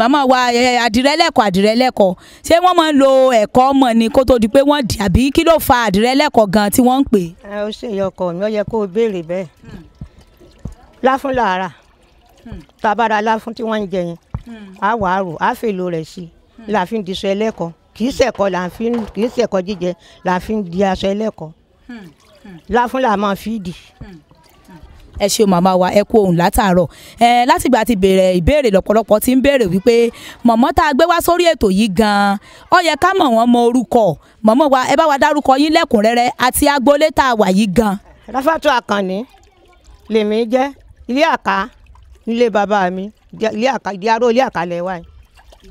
màmá wa àdìrẹ́ lẹ́kọ̀ọ́ àdìrẹ́ lẹ́kọ̀ọ́ ṣé wọ́n máa ń lo ẹ̀kọ́ ọmọ ni kó tó di pé wọ́n dì àbí kí ló fa àdìrẹ́ lẹ́kọ̀ọ́ gan tí wọ́n ń pè. ẹ ó ṣe ìyọkọ mi ó yẹ kó o béèrè bẹ́ẹ̀ láfún làárà tabara hmm. láfún tí wọ́n ń jẹ yẹn hmm. á wàá rò á fèlò rẹ̀ sí i là fi ń diṣọ ẹlẹ́kọ̀ọ́ kì í ṣẹ̀kọ́ là fi ń kì í ṣẹ̀kọ́ jíjẹ là fi ń di aṣọ ẹlẹ́kọ̀ọ́ hmm. láfún là máa fi dì. Hmm ẹ ṣe màmá wa ẹ kú ohun látàárọ̀ ẹ látìgbà ti bẹ̀rẹ̀ ìbéèrè lọ́pọ̀lọpọ̀ ti ń béèrè wípé mọ̀mọ́ tá a gbé wá sórí ètò yìí gan-an ó yẹ ká mọ̀ wọ́n mọ orúkọ mọ̀mọ́ wa ẹ bá wa dárúkọ yín lẹ́kùnrẹ́rẹ́ àti agboolé tá a wà yìí gan. ráfàtú àkànní lèmi jẹ́ ilé àká nílé bàbá mi ilé àká ìdí aró ilé àká lẹ́wà yìí.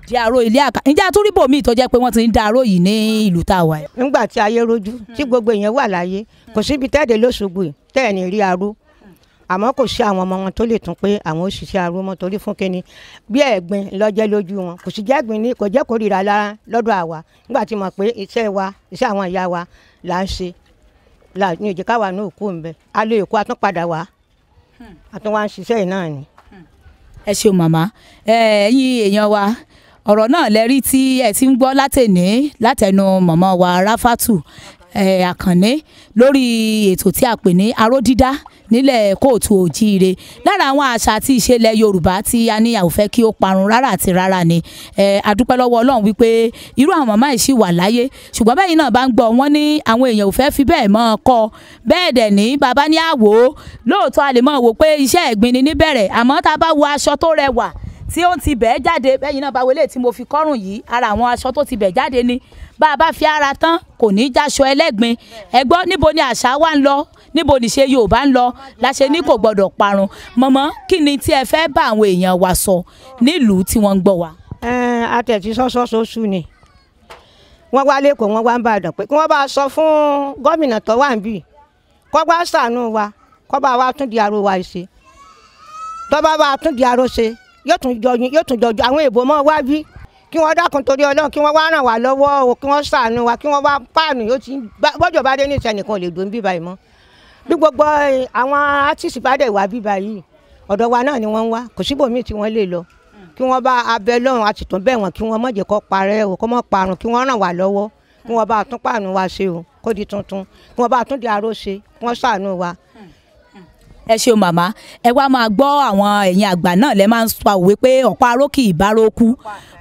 ìdí aró ilé àká ǹjẹ́ àtúrìbò míì tó jẹ́ pé wọ́n ti ń da aró yìí ní ìlú tá a wà yìí. nígbà tí ayé rojú tí gbogbo èèyàn wà láyé kò síbi tẹ́ẹ̀dẹ̀ lóṣogbo tẹ́ẹ̀ ní rí aró àmọ́ kò sí àwọn ọmọ wọn tó lè tún pé àwọn ò ṣiṣẹ́ arúmọ́ torí fún kínní bí ẹ̀gbin lọ́jẹ́ lójú wọn kò sì jẹ́gbin ní kò jẹ́ kórìíra lára lọ́dọ̀ àwa nígbà tí mo pé iṣẹ́ wa iṣẹ́ àwọn ìyá wa là ń ṣe là ní òjì káwa ní òkú ńbẹ a lo èkó atúnpadà wa àtúnwá ń ṣiṣẹ́ náà ni. ẹ ṣeun màmá ẹ̀yin èèyàn wa ọ̀rọ̀ náà lẹ́rí tí ẹ ti ń gbọ́ látẹ̀ní látẹnu màmá wa Ráfátù àkànní lórí ètò tí a pè ní aró dídá nílẹ̀ kóòtù òjíire lára àwọn àṣà àti ìṣẹlẹ̀ yorùbá tí a ní àwòfẹ́ kí ó parun rárá àti rárá ni a dúpẹ́ lọ́wọ́ ọlọ́run wípé irú àwọn màmá yìí ṣì wà láyé ṣùgbọ́n bẹ́yìn náà bá ń gbọ́ wọ́n ní àwọn èèyàn ò fẹ́ fi bẹ́ẹ̀ mọ́ ọ kọ́ bẹ́ẹ̀ dẹ̀ ní bàbá ní àwò lóòótọ́ a lè mọ̀ wò pé iṣẹ́ ẹ̀gbin ni níbẹ̀rẹ̀ àmọ́ tá a bá wo aṣọ tó rẹwà tí ó ń ti bẹ́ẹ̀ jáde bẹ́yìn náà báwo eléyìí tí mo fi kọ́rùn yìí ara àwọn aṣọ tó ti bẹ́ẹ̀ jáde ni bá a bá fi ara tán kò ní í jáṣọ ẹlẹ́gbin ẹ gbọ́ níbo ni àṣà wa ń lọ níbo níṣe Yorùbá ń lọ láṣẹ ní kò gbọ́dọ̀ parun mọ̀mọ́ kí ni tí ẹ fẹ́ bá àwọn èèyàn wa sọ nílùú tí wọ́n ń gbọ́ wa. àtẹ̀tí sọ́sọ́sọ́sù ni wọ́n wá lẹ́kọ̀ọ́ wọ́n wá ń bàdàn pé kí wọ́n bá sọ fún gómìnà tó wà ń bì kó wá ṣàánú wa kó bá wa tún di aró wa ṣe tó bá wa tún di aró ṣe yóò tún jọ yóò tún jọ àwọn èèbò mọ́ wá bí kí wọ́n dákun torí ọlọ́run kí wọ́n wá ràn wá lọ́wọ́ o kí wọ́n ṣàánú wa kí wọ́n wá páànù yóò ti bọ́jọ̀ bá dé ní ìṣẹ́ nìkan lè dùn bíbá yìí mọ́ bí gbogbo eh, àwọn artiste bá dẹ̀ wá bíbá yìí ọ̀dọ̀ wa náà ni wọ́n ń wá kò síbòmíì tí wọ́n lè lọ kí wọ́n bá abẹ lọ́run a sì tún bẹ̀ wọ́n kí wọ́n má jẹ́ kó parẹ́ o kó má parun kí wọ́n ràn wá lọ́wọ́ kí wọ́n bá tún páànù wa ṣe o kó di tuntun kí wọ́n bá tún di aró ṣe kí wọ́n ṣàánú wa ẹ ṣeun màmá ẹ wá máa gbọ́ àwọn ẹ̀yin àgbà náà lẹ́ máa ń sọ àwòwé pé ọ̀pá arókì ìbárókú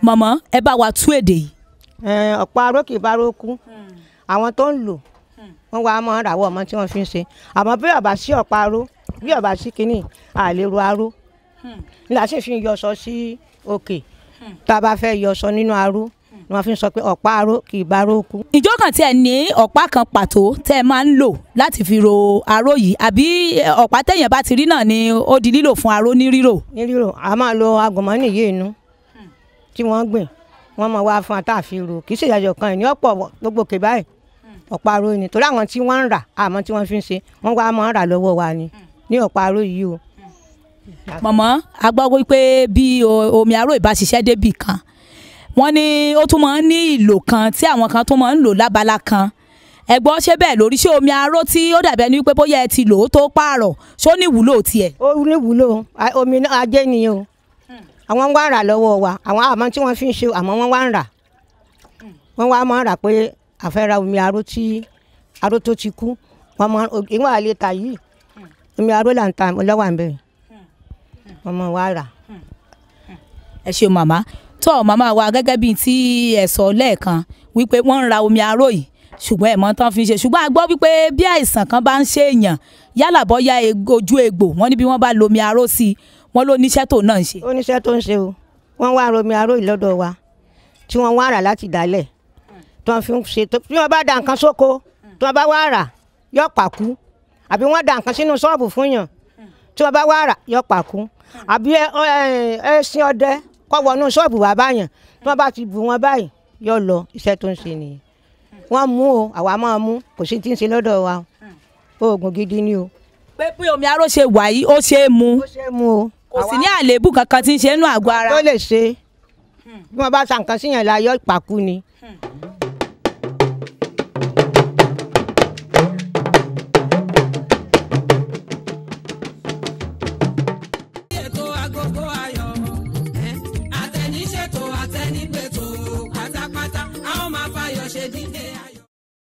mọ̀mọ́ ẹ bá wa tú èdè yìí. ọ̀pá arókì ìbárókú àwọn tó ń lò wọ́n wá máa ń ràwọ́ ọmọ tí wọ́n fi ń ṣe àmọ́ bí ọ̀bà sí ọ̀pá aró bí ọ̀bà sí kínní àlérò aró ni a sì fi yọ̀ṣọ́ sí òkè tá a bá fẹ́ yọ̀ṣọ́ nínú aró ni wọ́n fi ń sọ pé ọ̀pá aró kì í bá aró kú. ìjọ kan tí ẹ ní ọ̀pá kan pàtó tẹ́ ẹ máa ń lò láti fi ro aró yìí àbí ọ̀pá tẹ̀yàn bá ti rí náà ni ó di lílò fún aró ní rírò. ní rírò a máa lo agùnmọ́nì yìí inú tí wọ́n gbìn wọ́n máa wá fún ata àfihàn kì í ṣe ìyàjọ kan ìní ọ̀pọ̀ gbogbo kè báyìí ọ̀pá aró ni torí àwọn tí wọ́n ń rà àmọ́ tí wọ́n fi ń ṣe wọ́n wá máa ń rà lọ́wọ́ wa ni ní ọ̀pá aró yìí o mọ̀mọ́ a gbọ́ wípé bí omi aró ìbáṣiṣẹ́ débì kan wọ́n ní ó tún máa ń ní ìlò kan tí àwọn kan tún máa ń lò lábala kan ẹ̀gbọ́n ṣé bẹ́ẹ̀ lórí ṣé omi aró tí ó dàbí ẹni pé bóyá ẹ ti lò ó tó pààrọ̀ ṣó ní ìwúlò tiẹ̀. ó ní ìwúlò omi ajé ni o hmm. àwọn ń wá rà lọ́wọ́ wa àwọn àmọ́ tí wọ́n fi ń ṣe àmọ́ wọ́n wá ń rà hmm. wọ́n wá máa ń rà pé àfẹ́ra omi aró tí aró tó ti kú wọ́n máa ìwọ̀n àlè ta yìí hmm. omi aró là ń ta lọ́wọ́ à wọ́n máa wá rà. ẹ ṣeun màmá tó màmá wa gẹ́gẹ́ bíi ti ẹ̀sọ́ lẹ́ẹ̀kan wípé wọ́n ń ra omi aró yìí ṣùgbọ́n ẹ̀mọ́ tán fi ń ṣe ṣùgbọ́n a gbọ́ wípé bí àìsàn kan bá ń ṣe èèyàn yálà bọ́yá ojú egbò wọ́n ní bí wọ́n bá lomi aró sí i wọ́n ló níṣẹ́ tó náà ń ṣe. ó níṣẹ́ tó ń ṣe o wọ́n wá romi aró yìí lọ́dọ̀ wa tí wọ́n wá rà láti dálẹ̀ tí wọ́n fi ń ṣe tó wọ́n bá da nǹkan sóko tí wọ́n bá wá rà yọ pàkú àbí wọ́n da nǹkan sínú ṣọ́ọ̀bù fún yàn tí wọ́n bá wá rà yọ pàkú àbí ẹṣin ọdẹ kọ́ wọnú ṣọ́ọ̀bù wà báyàn tí wọ́n bá ti bù wọn báyìí yóò lọ iṣẹ́ tó ń ṣe nìyẹn wọ́n mú o àwa máa mú kò sí ti ń ṣe lọ́dọ̀ wa hmm. oògùn gidi ni o. pé bí omi aró ṣe wà yìí ó ṣe é mu ó ṣe é mu o kò sí ní àléébù kankan tí ń ṣe nínú àgọ́ ara. tó lè ṣe hmm. bí wọ́n bá sa nǹkan síyàn láyọ̀ ìpàkú ni. Hmm.